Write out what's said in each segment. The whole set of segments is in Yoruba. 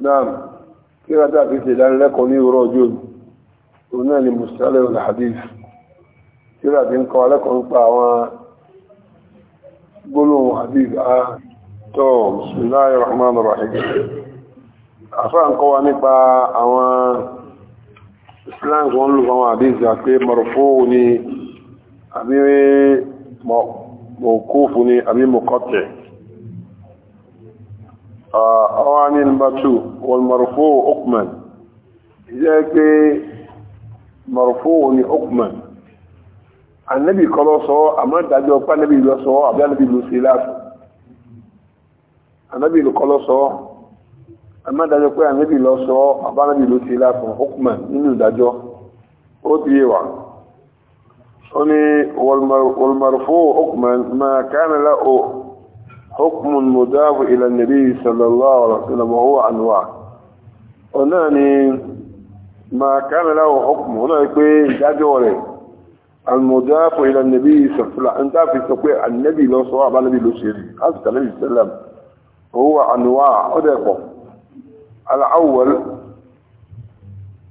نعم كيف تعرف الآن لكم رجل هنا لمستلع الحديث كيف تنقى لكم طعوان قلوا حديث آه تو بسم الله الرحمن الرحيم أفان قواني با أوان إسلام قولوا فما حديث يكي مرفوني أبي موقوفني أبي مقطع أواني المبتو والمرفوع أقما ذاك مرفوع أقما النبي قال صلى أما دعوا قال النبي لا صلى عبد النبي لا سلاف النبي قال صلى أما دعوا قال النبي لا صلى عبد النبي لا سلاف أقما إنه دعوا أتيوا أني والمرفوع أقما ما كان له حكم مضاف إلى النبي صلى الله عليه وسلم وهو أنواع هناني ما كان له حكم هنا يقول جدوره المضاف إلى النبي صلى الله عليه وسلم أنت في سقوع النبي لو صواب النبي لو وسلم أذكى النبي صلى الله عليه وسلم هو أنواع هذا الأول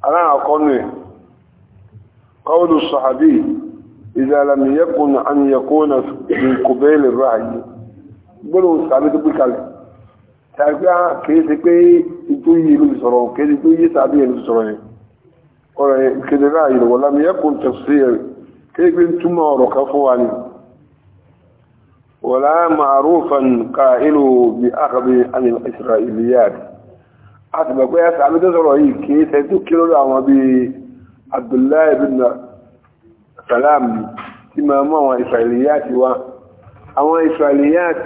أنا أقول قول الصحابي إذا لم يكن أن يكون من قبيل الرعي gbọ́dọ̀ sàbí tó pé kalẹ̀ tàbí a ah, kìí ṣe pé ìtú yìí ló sọ̀rọ̀ kìí tó yé sàbí ẹ̀ ló sọ̀rọ̀ yẹn ọ̀rọ̀ yẹn kéde náà yìí wọ́n lámì yẹ kún tẹ̀sí ẹ̀ kéé pé ń túmọ̀ ọ̀rọ̀ kan fún wa ni wọ́n lá ma'rufan ka ìlú bí àkàbí àmì Isra'iliyat a ti gbàgbé ẹ̀ àwọn bíi ti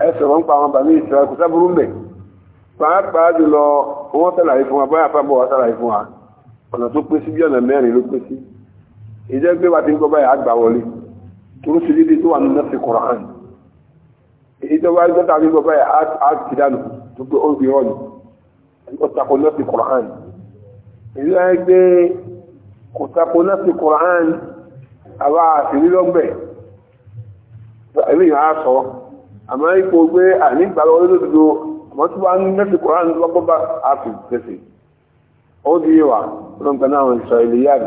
ẹsẹ̀ wọn pa àwọn bàmí ìsirà kò sábúrú mbẹ̀ pàápàá jùlọ wọ́n sàlàyé fún wa báyà fábọ̀ wá sàlàyé fún wa ọ̀nà tó pín sí bí ọ̀nà mẹ́rin ló pín sí ìjẹ́ pé wà ti ń gbọ́ báyà àgbà wọlé tóró sí líle tó wà nínú sí Kùránì ìjọba ẹgbẹ́ tàbí gbọ́ báyà á ti dànù tó gbé orí rọ̀ ní ọ̀tàkùn náà sí Kùránì ìlú ẹgbẹ́ kò tako náà sí Kùránì àwa àṣírí lọ́gbẹ̀ẹ́ ẹ̀mí yàn á sọ àmọ́ ipò gbé ànígbà lọ́wọ́ lódodo àmọ́ tí wọ́n mẹ́sì koran lọ́gbọ́n bá àfi tẹ̀sí ó di wà lọ́nkà náà àwọn Israiliyat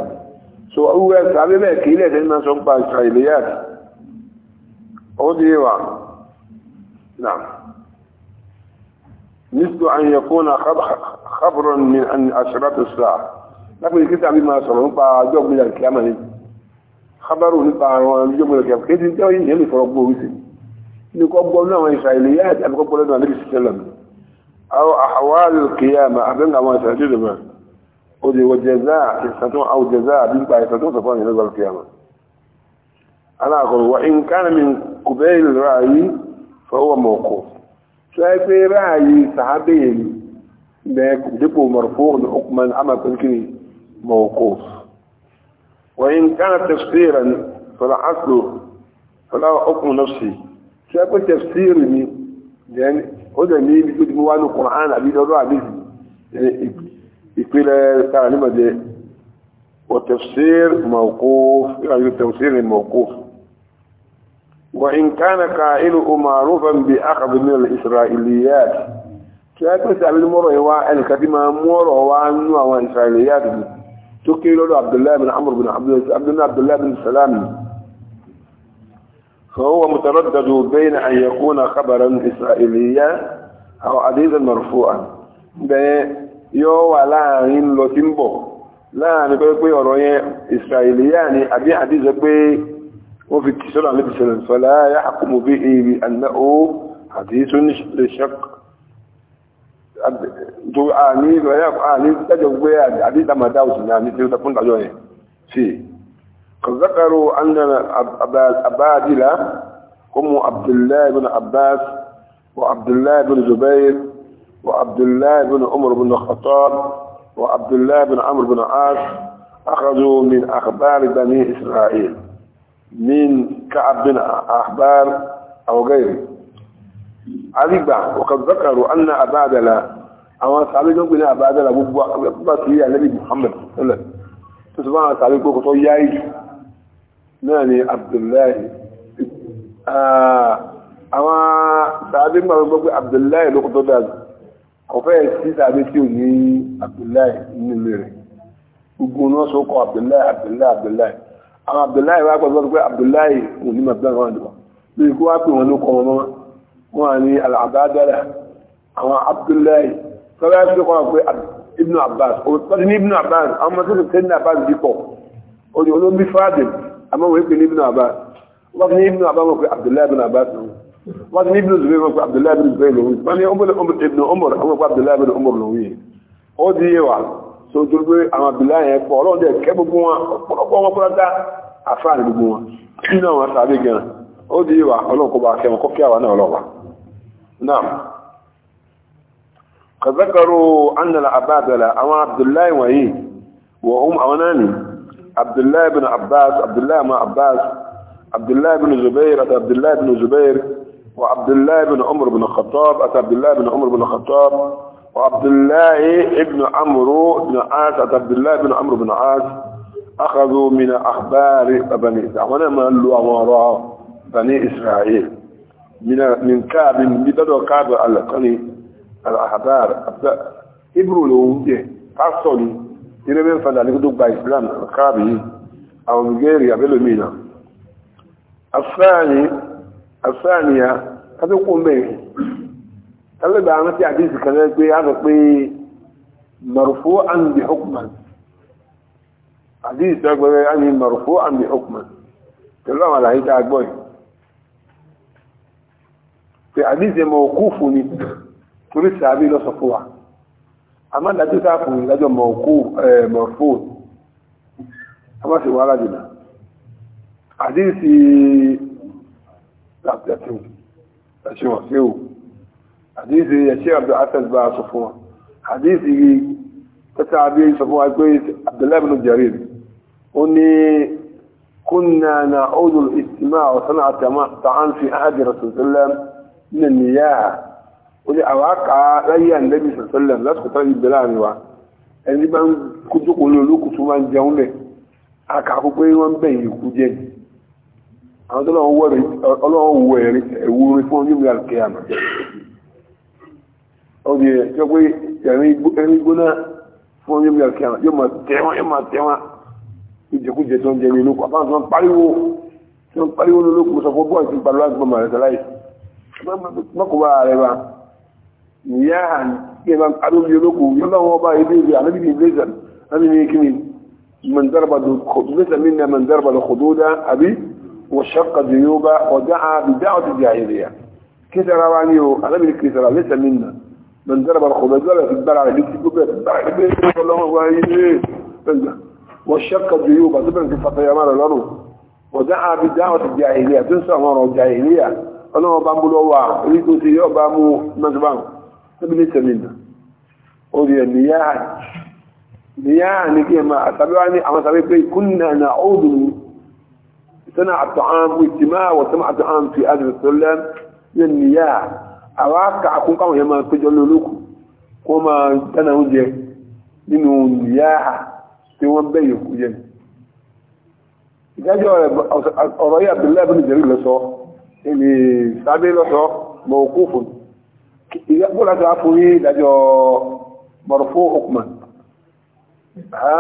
so owó ẹ̀ka abẹ́bẹ̀ kì í lẹ̀ tẹ́lẹ̀ máa sọ pa Israiliyat ó di wà náà nítorí àwọn ẹ̀kọ́ náà kábọ̀rọ̀ ní àṣírátù sáà lápẹ́ ìkíta bí نكو أبقى لنا وإسرائيليات أبقى أبقى لنا عليه السلام أو أحوال القيامة أبقى ما يسعجد ما ودي وجزاء يستطيع أو جزاء بيبقى يستطيع صفاني نزل القيامة أنا أقول وإن كان من قبيل رأي فهو موقوف ففي رأي صحابين دبو مرفوع حكما عما تذكري موقوف وإن كان تفسيرا فلا فالعقل فلا حكم نفسي ṣe pé tẹ̀síìrì ni ó dẹ̀ ní ibi tó ti mú wá ní kùnrán àbí lọ́dọ̀ àbí ìpínlẹ̀ tara ní mọ̀jẹ́ وتفسير موقوف يعني تفسير موقوف وإن كان قائله معروفا بأخذ من الإسرائيليات كيف تعمل مره هو الكلمة مره هو أنه إسرائيليات تكيل عبد الله بن عمرو بن عبد الله بن سلام فهو متردد بين أن يكون خبرا إسرائيليا أو حديثا مرفوعا يو ولا عين لو تنبو لا نقول كوي أروي إسرائيليا أبي حديث كوي وفي كسر عليه السلام فلا يحكم به بأنه حديث للشك دعاني ويقعني تجوب حديث ما داوس يعني تقول تقول ذكروا أن أبادلة هم عبد الله بن عباس وعبد الله بن زبير وعبد الله بن عمر بن الخطاب وعبد الله بن عمرو بن عاص أخذوا من أخبار بني إسرائيل من كعب بن أخبار أو غيره عذبا وقد ذكروا أن أبادلة أو أصحابي جنب أبادلة ببوا ببوا النبي محمد صلى الله عليه وسلم تسمع أصحابي كوكو يايجو náà ni abdullahi ah, àwọn sàábí máa gbọ́ pé abdullahi ló kọ́ tó dáa kò fẹ́ sí sàábí tí ò ní abdullahi nílé rẹ̀ gbogbo náà sọ kọ abdullahi abdullahi abdullahi àwọn abdullahi wá pẹ̀lú pé abdullahi kò ní màbí àwọn àdìbò lórí kó wá pè wọn ló kọ wọn mọ́ wọn à ní alàbádára àwọn abdullahi sọ́wọ́ ẹ̀sìn kọ́ pé ibnu abbas òun tọ́jú ní ibnu abbas àwọn ọmọ tó ti tẹ́ ní abbas dípọ̀ olómi àmọ́ wọ́n pè ní ibùnà àbá wọ́n ní ibùnà àbá wọn pé abdullahi ibùnà àbá sọ wọ́n ní ibùnà zubair wọn pé abdullahi ibùnà zubair lòun wọ́n ní ibùnà umar wọn pé abdullahi ibùnà umar lòun yìí ó di yé wa so tó gbé àwọn abdullahi yẹn pọ̀ ọlọ́run dẹ̀ kẹ́ gbogbo wọn ọ̀pọ̀lọpọ̀ wọn kúrọ́ta àfáàní gbogbo wọn nínú àwọn sàbí gan ó di yé wa ọlọ́run kó bá kẹ́ wọn kó kí àwa náà ọlọ́wà náà náà nìyí عبد الله بن عباس عبد الله بن عباس عبد الله بن زبير أتى عبد الله بن زبير وعبد الله بن عمر بن الخطاب أتى عبد الله بن عمر بن الخطاب وعبد الله بن عمرو بن عاص أتى عبد الله بن عمرو بن عاص أخذوا من أخبار بني دعونا ما قالوا أمراء بني إسرائيل من من كعب بدر كعب على الأخبار أبدأ إبرو لهم دي irẹ́ bẹ́ẹ̀ fàdà ní kótó gba islam káàbì yìí àwọn gẹ́rì abẹ́lòmínà asáàníyà kátókò mẹ́rin tálẹ́bà àwọn tí àdíjì kan lẹ́ pé a sọ pé marufo an bi hukman àdíjì tó gbẹ́rẹ́ a ní marufo an bi hukman pẹ̀lú àwọn àlàyé tá gbọ́ yìí pé àdíjì mọ̀ kúfù ni torí àmọ́ ìdájọ́ tá a fún ìdájọ́ mọ̀fóòn a má ṣe wàhálà jìnà àdínsì àbẹ̀tún ẹ̀ṣẹ̀ wọ̀n sí o àdínsì ẹ̀ṣẹ̀ àbẹ̀ àtẹ̀síbà sọ fún wa àdínsì tẹ́tà àbí sọ fún wa pé Abdullahi bin ó ní كنا نعود الاجتماع وصنع طعام في عهد رسول الله من النياحه ó ní àwọn àkà láyé ànẹ́bí sọ̀tẹ́lẹ̀ lásìkò tó ń bẹ láàrin wa ẹni bá ń kójú kò ló lókùn tó máa ń jẹun lẹ̀ àkà àkókò yìí wọ́n ń bẹ̀ yìí kú jẹ́ àwọn tó lọ́wọ́ wẹ̀rẹ̀ ọlọ́wọ́ wẹ̀rẹ̀ ẹ̀wù orin fún ọdún ìlú àlùkẹ́ àmà ọdún yẹn tí wọ́n pé ẹ̀rín gbóná fún ọdún ìlú àlùkẹ́ àmà yóò máa tẹ́wọ́n yóò máa tẹ́wọ́n ìjẹkújẹ tó ń jẹ ní olókùn àbáwọn tó ń pariwo tó ń pariwo olókùn sọ fún bọ́ọ̀ níyàhà ìran adóbi ológun yóò láwọn ọba ilé ìwé ànábì ní blazer ànábì ní kíni blazer mi ní mọ̀nzáraba lọ kòdó dá àbí wọ̀ṣọ́kà jùyọ́ba ọ̀dá àbí dáhùn ti jà ìrìyà kí sara wa ni o ànábì ní kìí sara blazer mi nà mọ̀nzáraba lọ kòdó dá àbí bára rẹ̀ létí gbogbo ẹ̀ bára rẹ̀ létí ọlọ́wọ́ wa ilé wọ̀ṣọ́kà jùyọ́ba tó bẹ̀rẹ̀ ti fàtàyàmá rẹ̀ lọ́rùn ودعا بالدعوة الجاهلية تنسى مرة الجاهلية أنا بامبلوا وعا يريدوا سيئوا بامو مزبان lóbìnrin tẹ̀mínà ó rí ẹ̀ níyàá níyàá ní kí ẹ máa àtàbí wá ní àwọn sàbẹ́ pé kúnnà na ọdún sọ́nà àtọ̀hánbù ìtìmá wọ̀tọ́mà àtọ̀hánbù ti àdìrẹ̀sọ́lẹ́ ní níyàá àwọn akàkún káwọn yẹn máa péjọ lólókù kó máa dáná oúnjẹ nínú níyàá tí wọ́n bẹ́ yòókù jẹ́ ìdájọ́ ọ̀rọ̀ yìí àbdùlá ibùn jẹ́rì lọ́sọ́ ẹni sábẹ́ lọ́sọ́ mọ̀ òkú fún ìgbàgbọ́ láti àforí ìdájọ́ mọ̀rọ̀fó hukman ha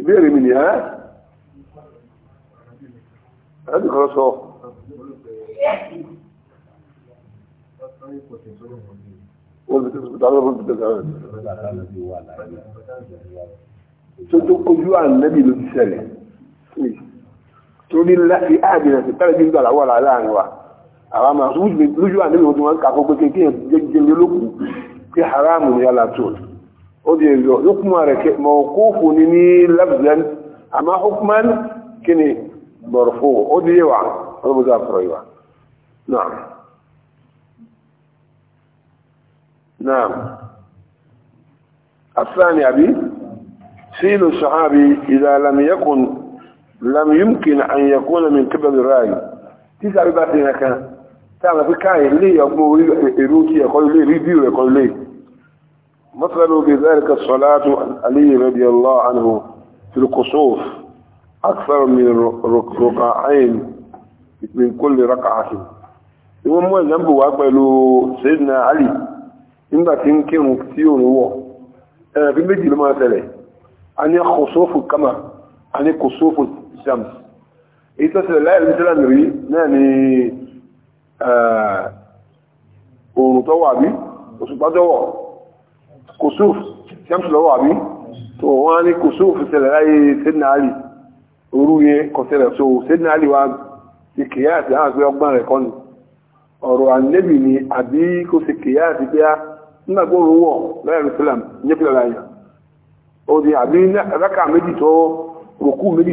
ìbéèrè mi ni ha láti kan sọ tó tó kojú ànábì ló ti ṣẹlẹ̀ torí láti ààbìnà sí tàbí gbàlá wà láàrin wa àwọn àmà lójú àníbi wọn tí wọ́n ń kàkọ́ pé kéèké jẹjẹrẹ olókùn pé haramu ni alató ó di ẹ̀yọ lókùnmọ́ rẹ̀ kẹ mọ̀ kófò ní ní labzan àmà hukman kí ni bọ̀rọ̀fó ó di yẹwà ọlọ́mọdé àfọ̀rọ̀ yìí náà náà الثاني أبي سين الصحابي إذا لم يكن لم يمكن أن يكون من قبل الرأي تسأل باتنك táwọn àfi káyè lé ọgbọ́n orí èrò tí ẹ̀kọ́ ilé rí bí ẹ̀kọ́ ilé مثلا بذلك الصلاة علي رضي الله عنه في القصوف أكثر من ركعين من كل ركعة ìwọ́n mú ẹ̀lẹ́mbù wá pẹ̀lú Sayyidina Ali nígbàtí ń kírun tí ò ní wọ̀ ẹ̀rẹ̀ bí méjì ló máa tẹ̀lẹ̀ a ní kòsófù kama a ní kòsófù shams èyí tó tẹ̀lẹ̀ láìrí tẹ́lẹ̀ rí náà ni Eh, oòrùn tó wà bí òṣùpá tó wọ̀ kòsúf jẹ́mṣù lọ́wọ́ àbí tó wọ́n á ní kòsúf ṣẹlẹ̀ láyé sẹ́dínàálì orú yẹn kọ̀ṣẹlẹ̀ so sẹ́dínàálì wa ti kìíyàtì àwọn àgbẹ̀ ọgbọ́n rẹ̀ kọ́ni ọ̀rọ̀ ànẹ́bì ni àbí kò sì kìíyàtì bí a nígbàgbọ́ òun wọ̀ lẹ́yìn rìsílám nípìnlẹ̀ di àbí rákà méjì tó rùkú méjì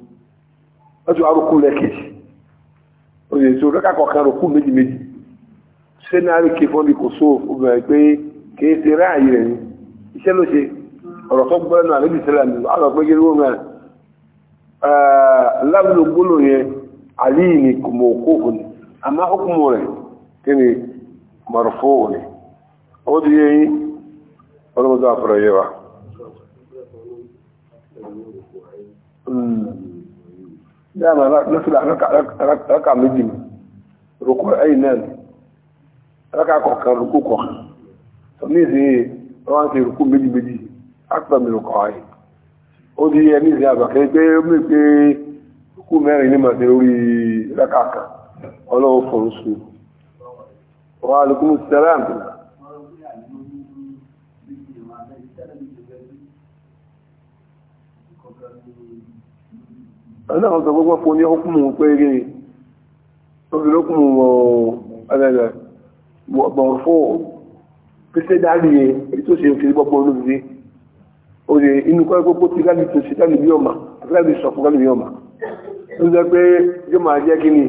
ọjọ́ arúkú lẹ́kẹ̀ẹ́sì oye tó rẹ́kà kọ̀ọ̀kan rúkú méjì méjì sẹ́nárì kẹfọ́nì kò sóò obìnrin pé kìí ṣe ráàyè rẹ̀ ni iṣẹ́ ló ṣe ọ̀rọ̀ tó gbọ́ ẹnu àlejò sẹ́lá ni àwọn ọ̀pẹ́ gẹ́gẹ́ dáàmà lọ́sílà rákà méjì mi rúkọ ẹ̀yìn náà ni rákà kọ̀ọ̀kan rúkọ kọ̀ọ̀kan tọ́mí ìsìn wọ́n ti rúkọ méjì méjì ápẹ́ mi rúkọ ayé ó di ẹni ìsìn àgbàkẹ́ pé ó mú pé rúkọ mẹ́rin ní màtí lórí rákà kan ọlọ́wọ́ fọ̀rọ̀ sùn wọ́n á lókùn ọ̀nà àwọn sọ gbogbo fún ní ọkùnmù péré obìnrin ọ̀rẹ́lẹ̀ bọ̀rọ̀ fún pẹ́sẹ́dárì èyí tó ṣe òkèrè gbogbo olóògbé oye inú kọ́ gbogbo ti gáàbì tó ṣe gáàbì yọ̀mà gáàbì sọ fún gáàbì yọ̀mà ló jẹ́ pé yóò máa jẹ́ kí ni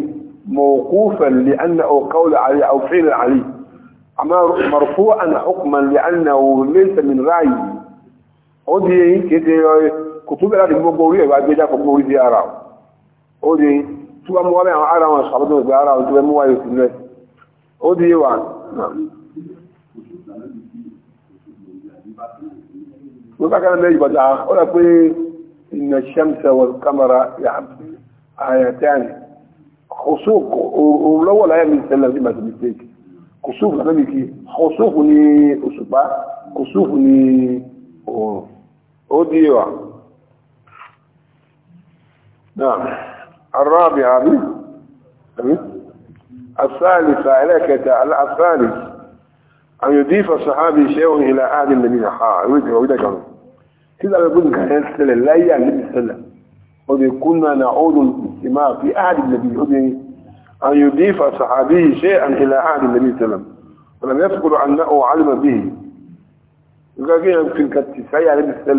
موقوفا لأن أو قول علي أو فعل علي أما مرفوعا حكما لأنه ليس من رأيي ودي كده kò tó bẹ̀rẹ̀ gbogbo orí ẹ̀wà gbẹ́jà kò gbogbo orí di ara ó di tí wọ́n mú wá bẹ́ẹ̀ ara wọn sàbọ̀dọ̀ ìgbà ara wọn tó bẹ́ẹ̀ mú wáyé òkú rẹ̀ ó di wà mo bá kára lẹ́yìn ó rẹ̀ نعم الرابعة الثالثة إليك الثالث أن يضيف الصحابي شيء إلى أهل النبي حا وده كمان كذا يقول أن صلى الله عليه وسلم وده كنا نعود الاجتماع في أهل النبي أن يضيف الصحابي شيئا إلى أهل النبي صلى الله عليه وسلم ولم يذكر أنه علم به يقول كده في الكتاب سيئة النبي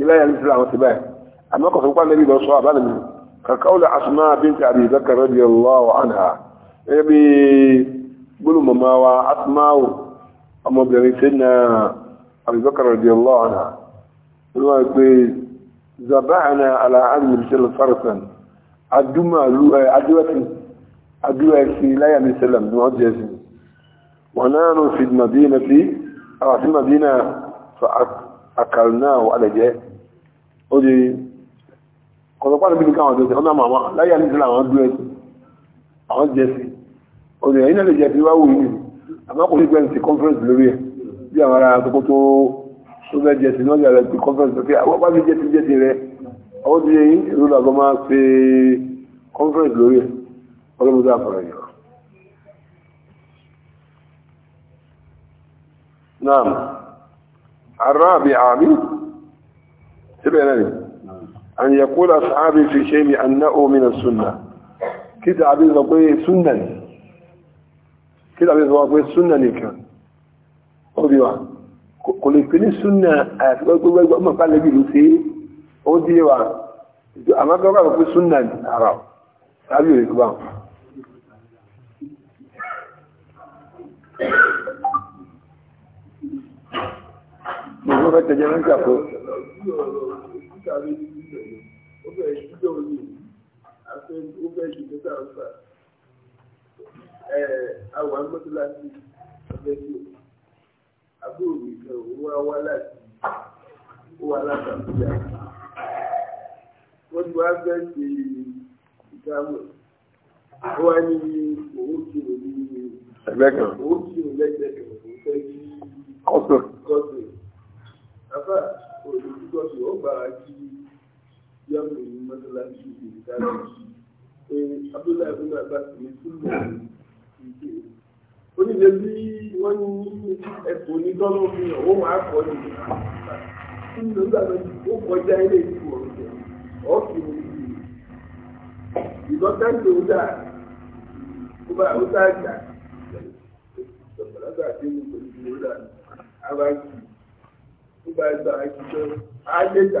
الله عليه وسلم الله أما قصة قال النبي لو صعب أنا كقول أسماء بنت أبي بكر رضي الله عنها أبي قلوا ماما وأسماء أما بني سيدنا أبي بكر رضي الله عنها قلوا يقول زبعنا على عدم مثل فرسا عدوما عدوتي عدوتي لا يعني سلم معجزي ونحن في المدينة أو في المدينة فأكلناه على جهة قلوا kọ̀sọ̀pá níbi ní káwọn ọ̀dọ́sẹ̀ ọ̀nà màmá láyé àti ìṣẹ́lẹ̀ àwọn dúró ẹ̀sìn àwọn jẹ́sì ọ̀nà ẹ̀yìn náà lè jẹ́ fi wá wù yìí àmọ́ kò ní pẹ́ ti conference lórí ẹ̀ bí àwọn ará àtọ́kọ́ tó tó fẹ́ jẹ́sì náà yàrá ti conference lórí àwọn bá fi jẹ́sì jẹ́sì rẹ̀ ọwọ́ ti yẹ ìlú làgọ́ máa fi conference lórí ẹ̀ ọlọ́mọdé àfọ̀rọ̀ yìí. naam arabi ami síbẹ̀ náà ni أن يقول أصحابي في شيء أنه من السنة كده عبد الله سنة كده عبد الله سنة كان ọdí wa kò lè pè ní súnà àti gbogbo ọmọ ìpàlẹ̀ bí ló ṣe ó dí wa àmọ́ bí wọ́n kà pé súnà ara tàbí òye tó bá wọn. mo fẹ́ tẹ̀jẹ́ lọ́jà pé tẹ̀lé ó fẹ́ ìdílé òní àfẹ́ ó fẹ́ ìdílé sáǹfà ẹ̀ àwọn amọ́tíláṣí ọ̀fẹ́ tó àbúrò mi kan ó wá wá láti ó wá láti àbújá wọ́n ti wá fẹ́ ṣe ìdámọ̀ ó wá ní owó tí ò ní ẹgbẹ́ kan owó tí ò lẹ́gbẹ́ kan kò fẹ́ kí kọ́sùn kọ́sùn àbá òní kọ́sùn ó gbà á kí. ya koyi matsalaci ke tare eh abdullahi ibn abbas ne sunna ne oni le onye wọn ní ẹ̀kọ́ ní tọ́lọ́ onye yàn ó máa kọ́ ní nínú ìgbà tó ó kọjá ilé ìlú ọ̀rọ̀ jẹ ọ̀kì ní ìlú ìbọn táǹkì ó ndị ndị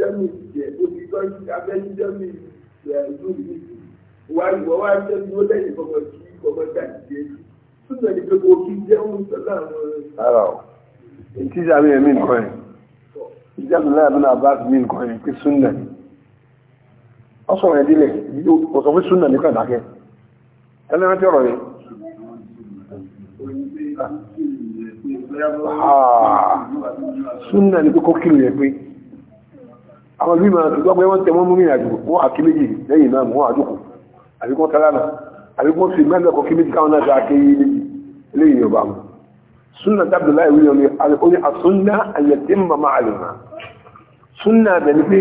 jẹ́mi ìjẹ́ òbí tó abẹ́jú jẹ́mi ìlú mi wà ìwọ wá jẹ́mi ó lẹ́yìn kọ̀ọ̀kan kí kọ̀ọ̀kan dà jẹ́ túnbẹ̀ ní pé kò kí jẹun sọ́lá àwọn. ara o ètí ìjà mi ẹ̀ mí nǹkan yẹn ìjà mi láyà mí náà bá mi nǹkan yẹn pé súnà ni ọ sọ̀rọ̀ yẹn dílé kò sọ pé súnà ní kàn dákẹ́ ẹni rántí ọ̀rọ̀ súnà ni pé kó kí pé àwọn ìlú ìmọ̀ àti gbọ́gbẹ́ wọ́n tẹ wọ́n mú ìrìn àjò wọ́n àkí méjì lẹ́yìn náà wọ́n àjòkù àbí kún tẹ́lánà àbí kún fi mẹ́lẹ̀ kọ́ kí méjì káwọn náà ṣáà kéyí lẹ́yìn ọba mu sunna Abdullahi wíyọ ni ó ní àsunna àyẹ̀tí mama àlùmá sunna bẹ̀ ni pé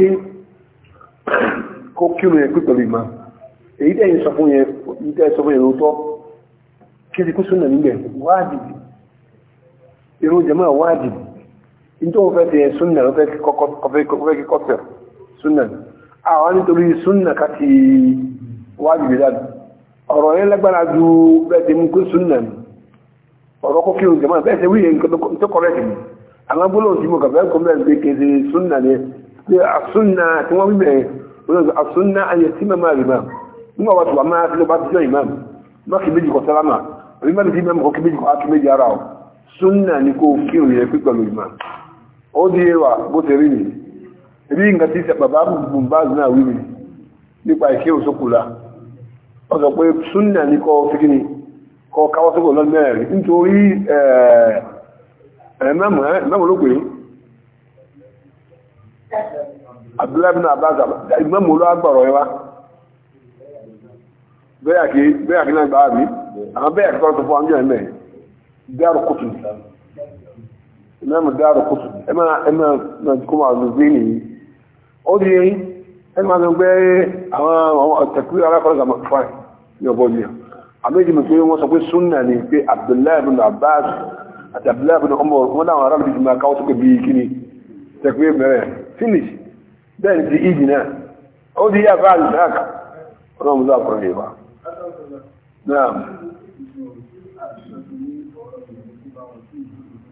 kó kí omi ẹ̀kú pẹ̀lú ìmọ̀ èyí tẹ́ yín sọ fún yẹn yìí tẹ́ sọ fún yẹn lóòótọ́ kí ti kú sunna níbẹ̀ nítorí wọ́n fẹ́ ti súnà ló fẹ́ kí kọ́tẹ̀ súnà ni àwọn nítorí súnà káti wájú bí dáadọ́ ọ̀rọ̀ yẹn lágbára ju bẹ́ẹ̀ ti mú kó súnà ni ọ̀rọ̀ kó kírun jẹ́mọ́ bẹ́ẹ̀ ti wí yẹn tó kọ́rẹ́tì ni àwọn gbólóhùn tí mo kà fẹ́ kọ́ mẹ́rin pé ni pé àsúnà tí wọ́n wíwẹ̀ àsúnà ayẹ tí mẹ́mà rì máa nígbà wà tó wà ni kó kírun yẹn ó di ẹwà bó ti rí mi rí nǹkan tí bàbá bùn bá náà wí mi nípa ìṣe òṣòkùlá ó sọ pé súnà ní kọ́ sí kíni kọ́ káwọ́ sókò lọ́dún mẹ́rin nítorí ẹ̀ẹ́mẹ́mọ̀ eh, eh, eh, ló pè é abdullahi bin wa imam olu agbọrọ ẹwa ìmáàmù dáàrù kùtù ẹ máa kó máa lù bí nìyí ó di eyín ẹ máa lọ gbé àwọn ọ̀tẹ̀kùrí alákọ̀ọ́gà fún ìyọ̀bọ̀ ni àmẹ́jì mi pé wọ́n sọ pé súnà ni pé Abdullahi bin Abbas àti Abdullahi bin Umar wọn láwọn ará bìí máa káwọ́ sókè bíi kíni tẹ̀kùrí mẹ́rẹ̀ finish then ti ìdì náà ó di yàgbá àlùdáàkà ọlọ́run ló àkọ́rẹ́ yìí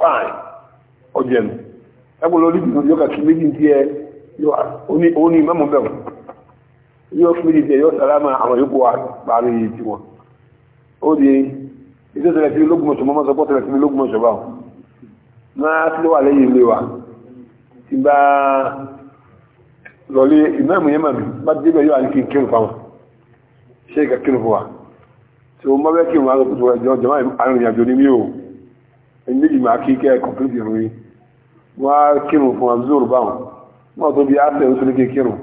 fine ọjẹnu ẹgbẹ́ lórí ìgbìmọ̀ yóò kàkí méjì tí ẹ ó ní mẹ́mọ̀ bẹ̀rù yóò fún méjì tí ẹ yóò sàlámà àwọn yóò wà parí tí wọn ó di ilé tẹ̀lẹ̀ tí lógún ọ̀sọ̀ mọ́mọ́ sọpọ́ tẹ̀lẹ̀ tí lógún ọ̀sọ̀ báwọn máa tí ó wà lẹ́yìn ilé wa ti bá lọlé ìmẹ́mù yẹn màmí bá débẹ̀ yóò àní kí n kírun fáwọn ṣé ìkà kírun fún wa tí ó mọ́ bẹ́ kírun wa lọ́pọ̀ tó ẹjọ́ jọmọ́ àrùn ìrìnàjò ní mí o ẹni méjì máa kí kẹ́ kọ̀pìlìtì rú yìí wọ́n á kírun fún abzor báwọn wọ́n tó bí ápẹ́ òṣèlú kí kírun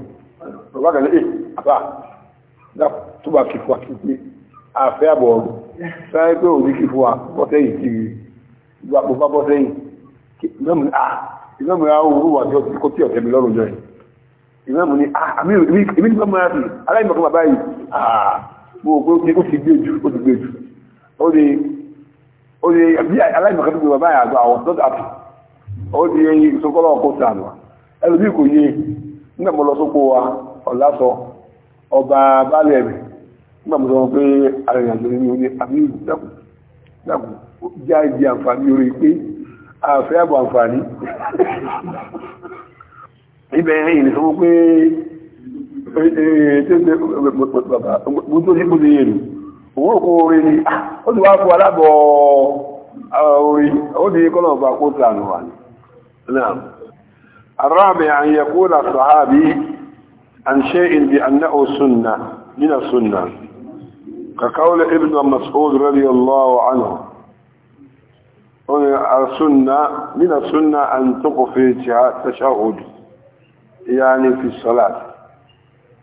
bàbá kan ní ẹ̀ eh, àbá tó bá kí fún wa kí pé àfẹ́ àbọ̀ ọ̀rọ̀ òní kí fún wa bọ́ sẹ́yìn ìmọ̀mù ní ah, ó di bí aláìmọ̀kẹ́ tó gbé bàbá yà gbọ́ àwọn tó dàpọ̀ ó di ìsokọ́lọ́ ọkọ̀ sànù ẹlòmíì kò yé nígbà mo lọ sóko wa ọ̀làsọ ọba baálẹ̀ rẹ̀ nígbà mo sọ wọn pé arìnrìnàjò ni ó ní àbí dàkú dàkú já ìdí àǹfààní orí pé àfẹ́ àbọ̀ àǹfààní ibẹ̀ ẹ̀yìn ìsọ́wọ́ pé mo tó sí bó ti yé nù òwúrò kó orí ni ah, ó ti wá fún alábọ̀ ah, orí ó di kọ́nà ọba kó tànù wà ní aráàmì àyẹ̀kó na sàhábí an ṣe ìdí annáà sunna nínà sunna ka kawulẹ̀ ibn mas'ud radiyallahu anhu السنة من السنة أن تقف في تشهد يعني في الصلاة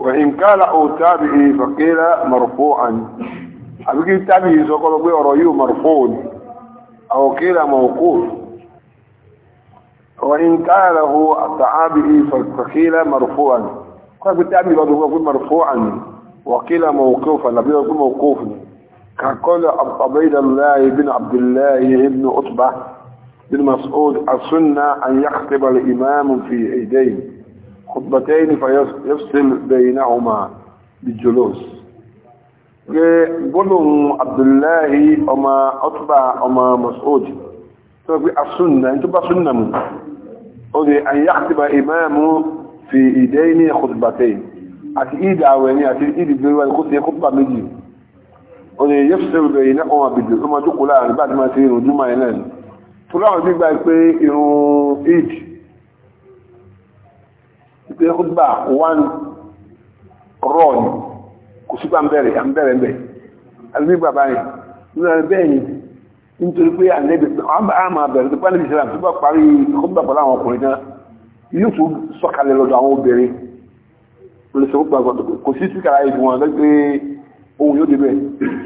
وإن قال أو تابعي فقيل مرفوعا أبقي تابعي سوكو بقي رأيه مرفوع أو قيل موقوف وإن قال له التعابعي فقيل مرفوعا قال تابعي برضه هو يقول مرفوعا وقيل موقوفا لابد يقول موقوفا كقول عبد الله بن عبد الله بن عطبة بن مسعود السنة أن يخطب الإمام في عيدين خطبتين فيفصل بينهما بالجلوس قولوا عبد الله أما أطبع أما مسعود تقول السنة أنت بقى سنة أن يخطب إمام في إيدين خطبتين àti ìdà àwẹ̀ ní àti ìdì gbẹ̀rẹ̀ ní kó ti ẹkọ́ pà méjì o lè yẹ́ fìṣẹ́ rẹ̀ ìná ọmọ àbìdì tó máa jókòó láàrin bá ti máa ti irun júmọ̀ ẹ̀ náà tó láwọn gbígbà pé irun ìdì pé kúdùbà one rọ̀ ni kò sí pa ń bẹ̀rẹ̀ à ń bẹ̀rẹ̀ ń bẹ̀ àbí bàbá yẹn ní ọ̀rẹ́ bẹ́ẹ̀ ni nítorí pé ànẹ́bí àmà bẹ̀rẹ̀ tó pálí ìṣẹ̀lá tó bá parí kúdùbà pẹ̀lú àwọn ọkùnrin náà yóò tún sọ̀kalẹ̀ lọ́dọ̀ àwọn obìnrin olùsọ̀kúgbàgbọ́ kò sí síkàrà ìdùn wọn lẹ́gbẹ́ ohun yóò débẹ̀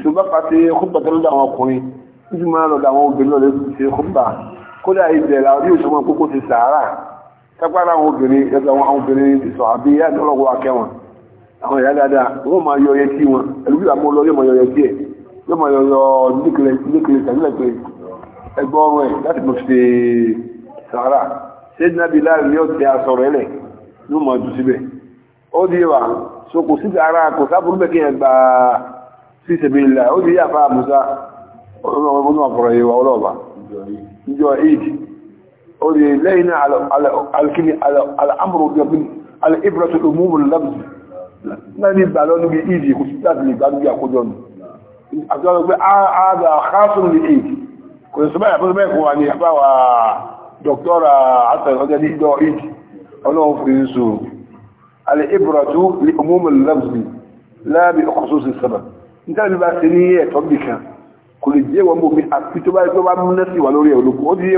tó bá pàtẹ kúdùbà tó lọ́dọ̀ àwọn ọkùnrin nítorí máa lọ́dọ̀ àwọn obìnrin lọ́dọ̀ ṣe kúdùbà kódà ìbẹ̀rẹ̀ àwọn yóò sọ tagbara àwọn obìnrin yàtọ̀ àwọn obìnrin ìsọ̀ àbí yàtọ̀ ọlọ́gbọ́ akẹ́ wọn àwọn ìyá dáadáa wọ́n máa yọ yẹtí wọn ẹ̀lú bí àmọ́ lọ́ọ́ yóò máa yọ yẹtí ẹ̀ yóò máa yọ yọ níkele níkele tàbílẹ̀ pé ẹgbọ́ ọrùn ẹ̀ láti mọ̀ fi sàárà ṣé nàbí láàrin ni ó ti aṣọ rẹ̀ lẹ̀ yóò máa jù síbẹ̀ ó di wa so kò sí ara kò sábúrú bẹ́ẹ̀ kí ẹ gba sí لينا على على على على امر على ابره العموم اللفظ ما نبقى لو نبي ايدي كنت لي بان يا كودون اقول بقى هذا خاص بالايد كنت سمع ابو بكر واني باوا دكتوره حتى هذا دي دو ايد الله فريسو على ابره لعموم اللفظ لا بخصوص السبب انت اللي بقى سنيه تطبيقها كل جيوا مو بي اكيد بقى بقى منسي ولوري ولو ودي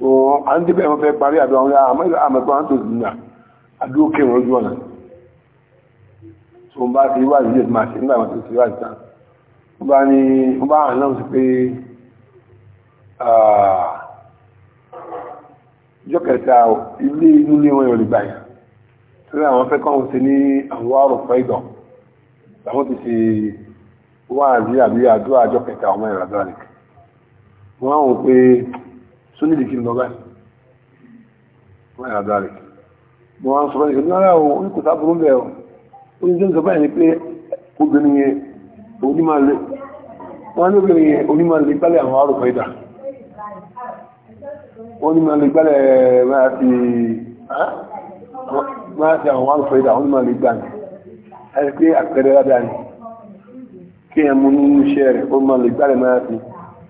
so a ń débẹ̀ wọn fẹ́ parí àdó àwọn àmẹ́kọ́ àwọn tó dùnà àdó kẹwọn lójú ọ̀nà so n bá ti wá ìdílé tí máa ṣe nígbà wọn tó ti wá ìta wọn bá ní wọn bá hàn náà sí pé ìjọ kẹta ilé inú ní wọn yóò lè gbà yẹn tí àwọn fẹ́ kọ́ ṣe ní àwọn àrùn fẹ́ ìdọ̀ àwọn ti ṣe wá àbí àbí àdó àjọ kẹta ọmọ ìrìnàjò àlè wọn àwọn pé sunni di kiri lọ́gbà wọ́n yà dáre mo wá ń sọ́rọ̀ ìgbẹ̀mí ara o ní kò sáàbùrú bẹ̀ ọ́ ó ní jẹ́mù sọ́bàá ní pé obìnrin yẹn onímọ̀lẹ́ wọ́n ní obìnrin yẹn onímọ̀lẹ́ gbálẹ̀ àwọn arùpọ̀ ìdà onímọ̀lẹ́ gbálẹ̀ máa ti àwọn arùpọ̀ ìdà onímọ̀lẹ́ gbà ní ẹni pé àpẹẹrẹ rádà ní kí ẹ mú ní iṣẹ́ rẹ̀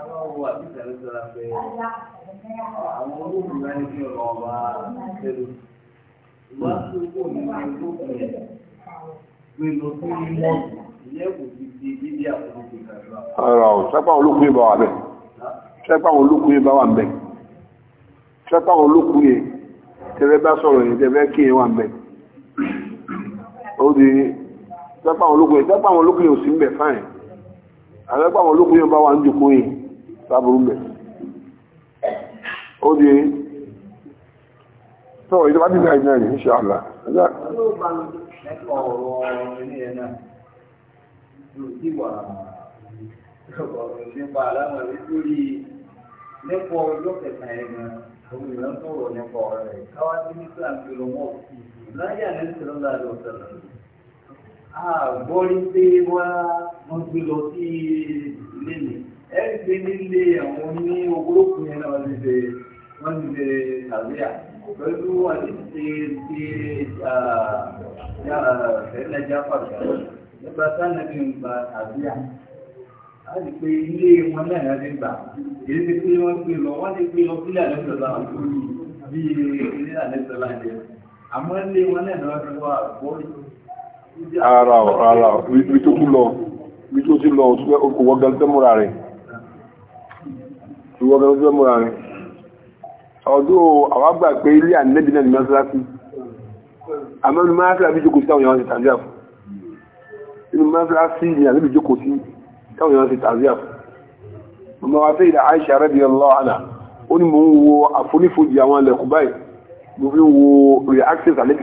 àwọn owó àbíkà ló sọra pé àwọn owó ìgbà ní kí ọ̀rọ̀ ọba tẹ̀lé ìwà tó kò ní kí ọjọ́ kù yẹn pé lọ sí mọ́ ìyẹn kò fi di bíbí àkókò ìgbàlúwà. ọ̀rọ̀ sẹ́pà olókùn yìí bá wà bẹ́ẹ̀ sẹ́pà olókùn yìí bá wà bẹ́ẹ̀ sẹ́pà olókùn yìí tẹ́lẹ̀ bá sọ̀rọ̀ yìí tẹ́lẹ̀ kí yẹn wà bẹ́ẹ̀ ó di sẹ́pà olókùn yìí sẹ́pà olókùn yìí ò sí ń bẹ̀ fáìn àlẹ́pà olókùn yìí bá wà ń jòkó yìí sábúrú mẹ́ ó di tó ìjọba ti náà ìnáà ní ṣe àlà nípa àlámọ̀ nítorí nípa ọjọ́ kẹta ẹ̀gbọ́n ah, òun ìran sọ̀rọ̀ nípa ọ̀rọ̀ rẹ̀ káwá sí nípa ìlọ́mọ̀ láyé àná ìṣẹ̀lọ́lá lọ́sọ̀rọ̀ àgbọ́rí pé wá wọ́n gbé lọ sí ilé mi ẹ ń gbé nílé àwọn ní ogolókùn yẹn náà ti ṣe wọ́n ti ṣe tàbíà pẹ̀lú wọn ti ṣe ṣe ẹ̀ẹ́dẹ̀ jáfà ṣàlọ́ nígbà sáà ní gba tàbíà á ti pé ilé wọn náà yẹn ti gbà èyí ti pé wọ́n pè lọ wọ́n ti pè lọ sílẹ̀ àlẹ́sọ̀lá àkóyè bí ilé àlẹ́sọ̀lá jẹ àmọ́ ilé wọn náà lọ́wọ́ ti wá àkóyè. ara ara ọ̀ tó kú lọ ibi tó ti lọ òkú wọ́n gan tẹ́múra rẹ̀ ìwọ ọmọ ọdún mọ́ra rẹ̀ ọdún àwọn àgbà pé ilé ànẹ́bí náà ni mọ́sálásí àmọ́ ní mọ́sálásí àbí jókòó sí táwọn èèyàn ti inú mọ́sálásí ni ànẹ́bí jókòó sí táwọn èèyàn ti tàbí àfọ́ ọmọ wa fẹ́ ìdá Aisha radiyallahu anha ó ní mò ń wo àfonífojì àwọn ẹlẹ́kùn báyìí mo fi ń wo reactions ànẹ́bí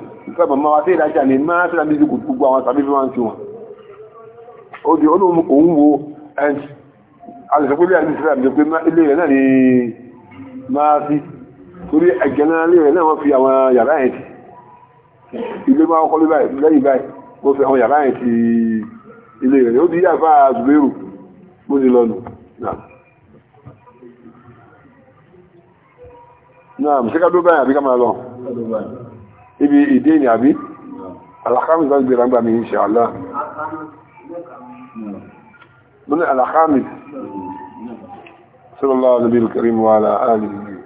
sábà máa wá sí ìdájà ní máa sí ìdájà gbogbo àwọn tàbí fi máa ń fi wọn ó di olóhùn òun wo ẹni alìsọ̀pẹ́lẹ̀ àti ìsìlẹ̀ àti ìjọpẹ́ ilé rẹ̀ náà ni máa sí torí ẹ̀gẹ̀nà ilé rẹ̀ náà wọ́n fi àwọn yàrá ẹ̀ tí ilé máa kọ́ lẹ́yìn báyìí wọ́n fi àwọn yàrá ẹ̀ tí ilé rẹ̀ ó di yàfà zubairu ibi ìdí ni àbí alhamis bá gbèrà gbà mí insha Allah mú ní alhamis sallallahu alaihi wa sallam